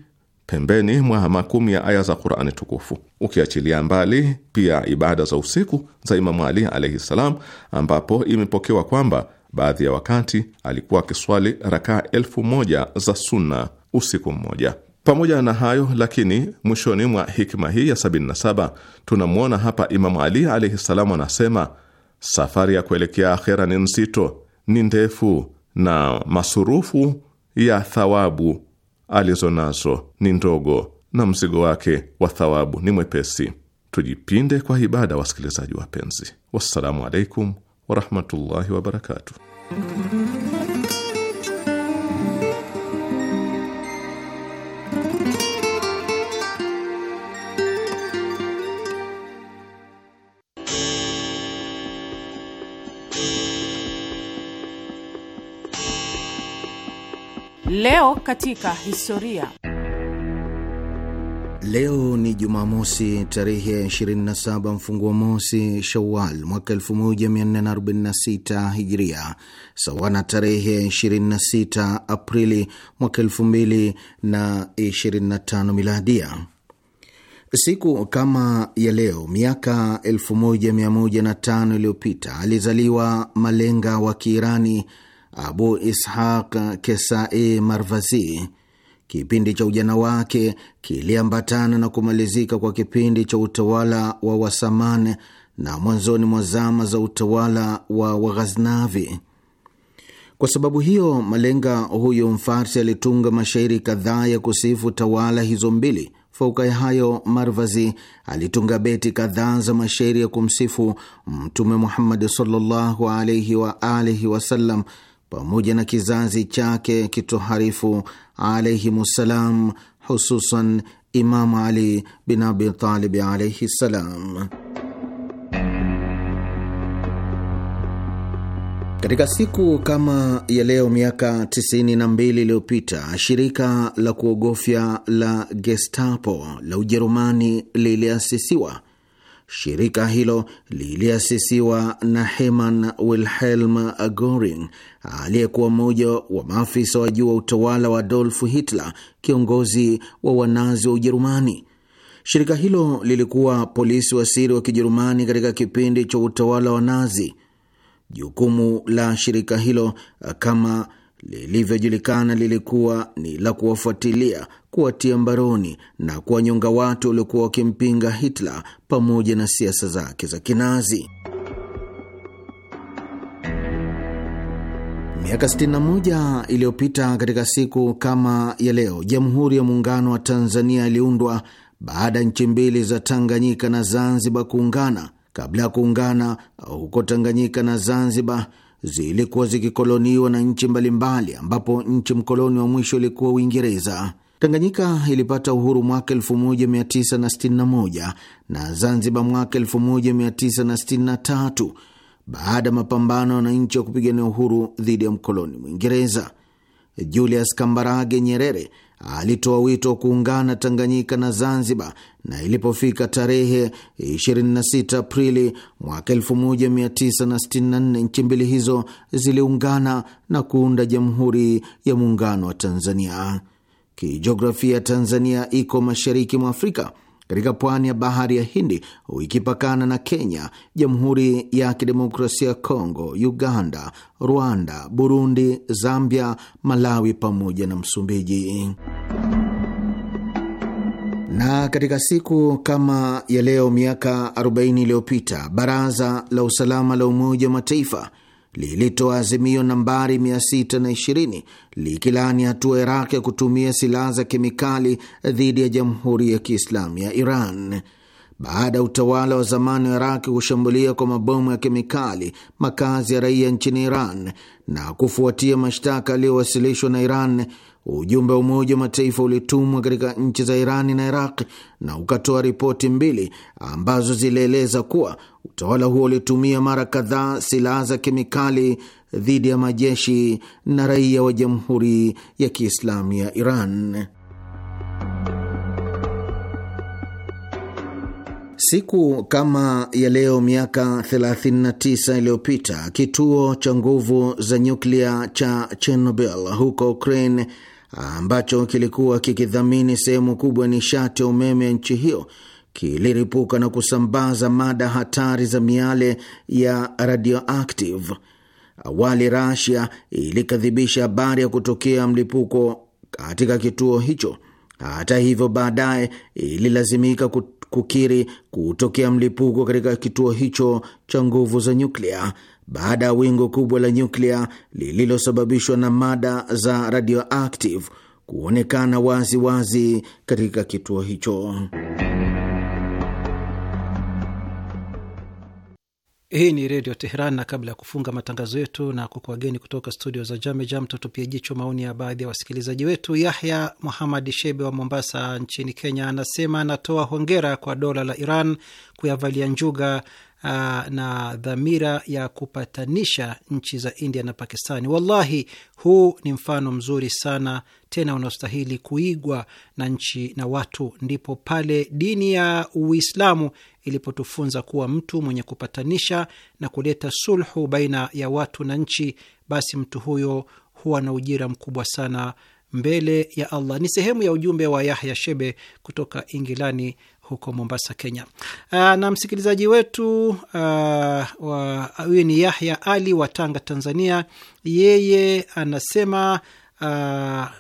pembeni mwa makumi ya aya za Qur'ani tukufu, ukiachilia mbali pia ibada za usiku za Imamu Ali alaihi ssalam, ambapo imepokewa kwamba baadhi ya wakati alikuwa akiswali rakaa elfu moja za sunna usiku mmoja. Pamoja na hayo lakini, mwishoni mwa hikma hii ya 77 tunamwona hapa Imamu Ali alaihi salam anasema, safari ya kuelekea akhera ni nzito, ni ndefu na masurufu ya thawabu alizo nazo ni ndogo, na mzigo wake wa thawabu ni mwepesi. Tujipinde kwa ibada, wasikilizaji wapenzi. Wassalamu alaikum warahmatullahi wabarakatuh. Leo katika historia. Leo ni Jumamosi tarehe 27 mfunguo mosi Shawal mwaka 1446 Hijria, sawa na tarehe 26 Aprili mwaka 2025 Miladia. Siku kama ya leo miaka 1105 iliyopita alizaliwa malenga wa Kiirani Abu Ishaq Kesai Marvazi. Kipindi cha ujana wake kiliambatana na kumalizika kwa kipindi cha utawala wa Wasaman na mwanzoni mwa zama za utawala wa Waghaznavi. Kwa sababu hiyo, malenga huyu Mfarsi alitunga mashairi kadhaa ya kusifu tawala hizo mbili. Fauka ya hayo, Marvazi alitunga beti kadhaa za mashairi ya kumsifu Mtume Muhammadi sallallahu alaihi wa alihi wasallam pamoja na kizazi chake kitoharifu alaihimussalam, hususan Imamu Ali bin Abitalib alaihi ssalam. Katika siku kama ya leo miaka 92 iliyopita shirika la kuogofya la Gestapo la Ujerumani liliasisiwa. Shirika hilo liliasisiwa na heman Wilhelm Goring aliyekuwa mmoja wa maafisa wa juu wa utawala wa Adolf Hitler, kiongozi wa wanazi wa Ujerumani. Shirika hilo lilikuwa polisi wa siri wa Kijerumani katika kipindi cha utawala wa Nazi. Jukumu la shirika hilo kama lilivyojulikana lilikuwa ni la kuwafuatilia, kuwatia mbaroni na kuwanyonga watu waliokuwa wakimpinga Hitler pamoja na siasa zake za Kinazi. Miaka 61 iliyopita katika siku kama ya leo, Jamhuri ya Muungano wa Tanzania iliundwa baada ya nchi mbili za Tanganyika na Zanzibar kuungana. Kabla ya kuungana huko Tanganyika na Zanzibar zilikuwa zikikoloniwa na nchi mbalimbali, ambapo nchi mkoloni wa mwisho ilikuwa Uingereza. Tanganyika ilipata uhuru mwaka 1961 na Zanzibar mwaka 1963 baada ya mapambano ya wananchi wa kupigania uhuru dhidi ya mkoloni Mwingereza. Julius Kambarage Nyerere alitoa wito wa kuungana Tanganyika na Zanzibar, na ilipofika tarehe 26 Aprili mwaka 1964 nchi mbili hizo ziliungana na kuunda Jamhuri ya Muungano wa Tanzania. Kijiografia, Tanzania iko mashariki mwa Afrika katika pwani ya bahari ya Hindi ikipakana na Kenya, Jamhuri ya Kidemokrasia ya Kongo, Uganda, Rwanda, Burundi, Zambia, Malawi pamoja na Msumbiji. Na katika siku kama ya leo miaka 40 iliyopita baraza la usalama la Umoja wa Mataifa lilitoa azimio nambari 620 likilaani hatua Iraq ya kutumia silaha za kemikali dhidi ya Jamhuri ya Kiislamu ya Iran baada ya utawala wa zamani wa Iraq kushambulia kwa mabomu ya kemikali makazi ya raia nchini Iran na kufuatia mashtaka yaliyowasilishwa na Iran Ujumbe wa Umoja wa Mataifa ulitumwa katika nchi za Irani na Iraq na ukatoa ripoti mbili ambazo zilieleza kuwa utawala huo ulitumia mara kadhaa silaha za kemikali dhidi ya majeshi na raia wa Jamhuri ya Kiislamu ya Iran. Siku kama ya leo miaka 39 iliyopita kituo cha nguvu za nyuklia cha Chernobyl huko Ukraine ambacho kilikuwa kikidhamini sehemu kubwa ya nishati ya umeme ya nchi hiyo kiliripuka na kusambaza mada hatari za miale ya radioactive. Awali Rasia ilikadhibisha habari ya kutokea mlipuko katika kituo hicho. Hata hivyo, baadaye ililazimika kukiri kutokea mlipuko katika kituo hicho cha nguvu za nyuklia baada ya wingu kubwa la nyuklia lililosababishwa na mada za radioactive kuonekana wazi wazi katika kituo hicho. Hii ni Redio Teheran, na kabla ya kufunga matangazo yetu na wageni kutoka studio za Jamejam, tutupie jicho maoni ya baadhi ya wasikilizaji wetu. Yahya Muhamad Shebe wa Mombasa nchini Kenya anasema anatoa hongera kwa dola la Iran kuyavalia njuga uh, na dhamira ya kupatanisha nchi za India na Pakistani. Wallahi, huu ni mfano mzuri sana tena unaostahili kuigwa na nchi na watu. Ndipo pale dini ya Uislamu ilipotufunza kuwa mtu mwenye kupatanisha na kuleta sulhu baina ya watu na nchi, basi mtu huyo huwa na ujira mkubwa sana mbele ya Allah. Ni sehemu ya ujumbe wa Yahya Shebe kutoka Ingilani huko Mombasa, Kenya. Ah, na msikilizaji wetu ah, huyu ni Yahya Ali wa Tanga, Tanzania. Yeye anasema aa, ah,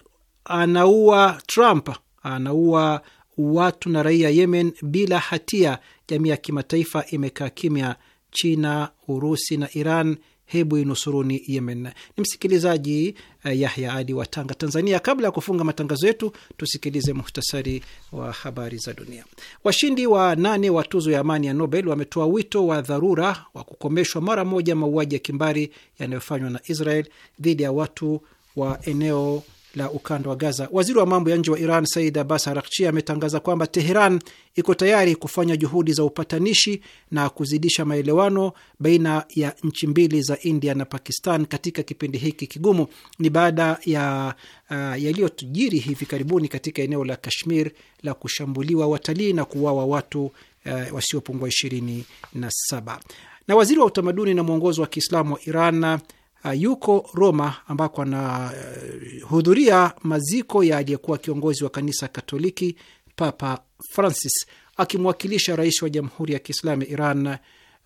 anaua Trump, anaua watu na raia Yemen bila hatia. Jamii ya kimataifa imekaa kimya. China, Urusi na Iran hebu inusuruni Yemen. Ni msikilizaji uh, Yahya adi wa Tanga, Tanzania. Kabla ya kufunga matangazo yetu, tusikilize muhtasari wa habari za dunia. Washindi wa nane wa tuzo ya amani ya Nobel wametoa wito wa dharura wa kukomeshwa mara moja mauaji ya kimbari yanayofanywa na Israel dhidi ya watu wa eneo la ukanda wa Gaza. Waziri wa mambo ya nje wa Iran Said Abbas Arakchi ametangaza kwamba Teheran iko tayari kufanya juhudi za upatanishi na kuzidisha maelewano baina ya nchi mbili za India na Pakistan katika kipindi hiki kigumu. Ni baada ya uh, yaliyotujiri hivi karibuni katika eneo la Kashmir la kushambuliwa watalii na kuuawa watu uh, wasiopungua ishirini na saba. Na waziri wa utamaduni na mwongozo wa Kiislamu wa Iran Ah, yuko Roma ambako anahudhuria maziko ya aliyekuwa kiongozi wa kanisa Katoliki Papa Francis akimwakilisha rais wa Jamhuri ya Kiislamu Iran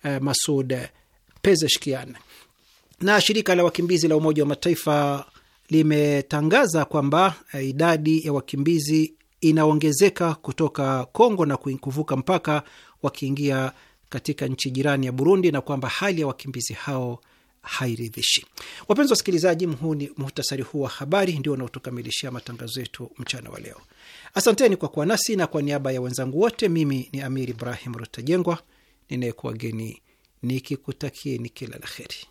eh, Masud Pezeshkian. Na shirika la wakimbizi la Umoja wa Mataifa limetangaza kwamba eh, idadi ya wakimbizi inaongezeka kutoka Kongo na kuvuka mpaka wakiingia katika nchi jirani ya Burundi na kwamba hali ya wakimbizi hao hairidhishi. Wapenzi wasikilizaji, muhtasari huu wa habari ndio unaotukamilishia matangazo yetu mchana wa leo. Asanteni kwa kuwa nasi, na kwa niaba ya wenzangu wote, mimi ni Amir Ibrahim Rutajengwa ninayekuwageni nikikutakieni kila la heri.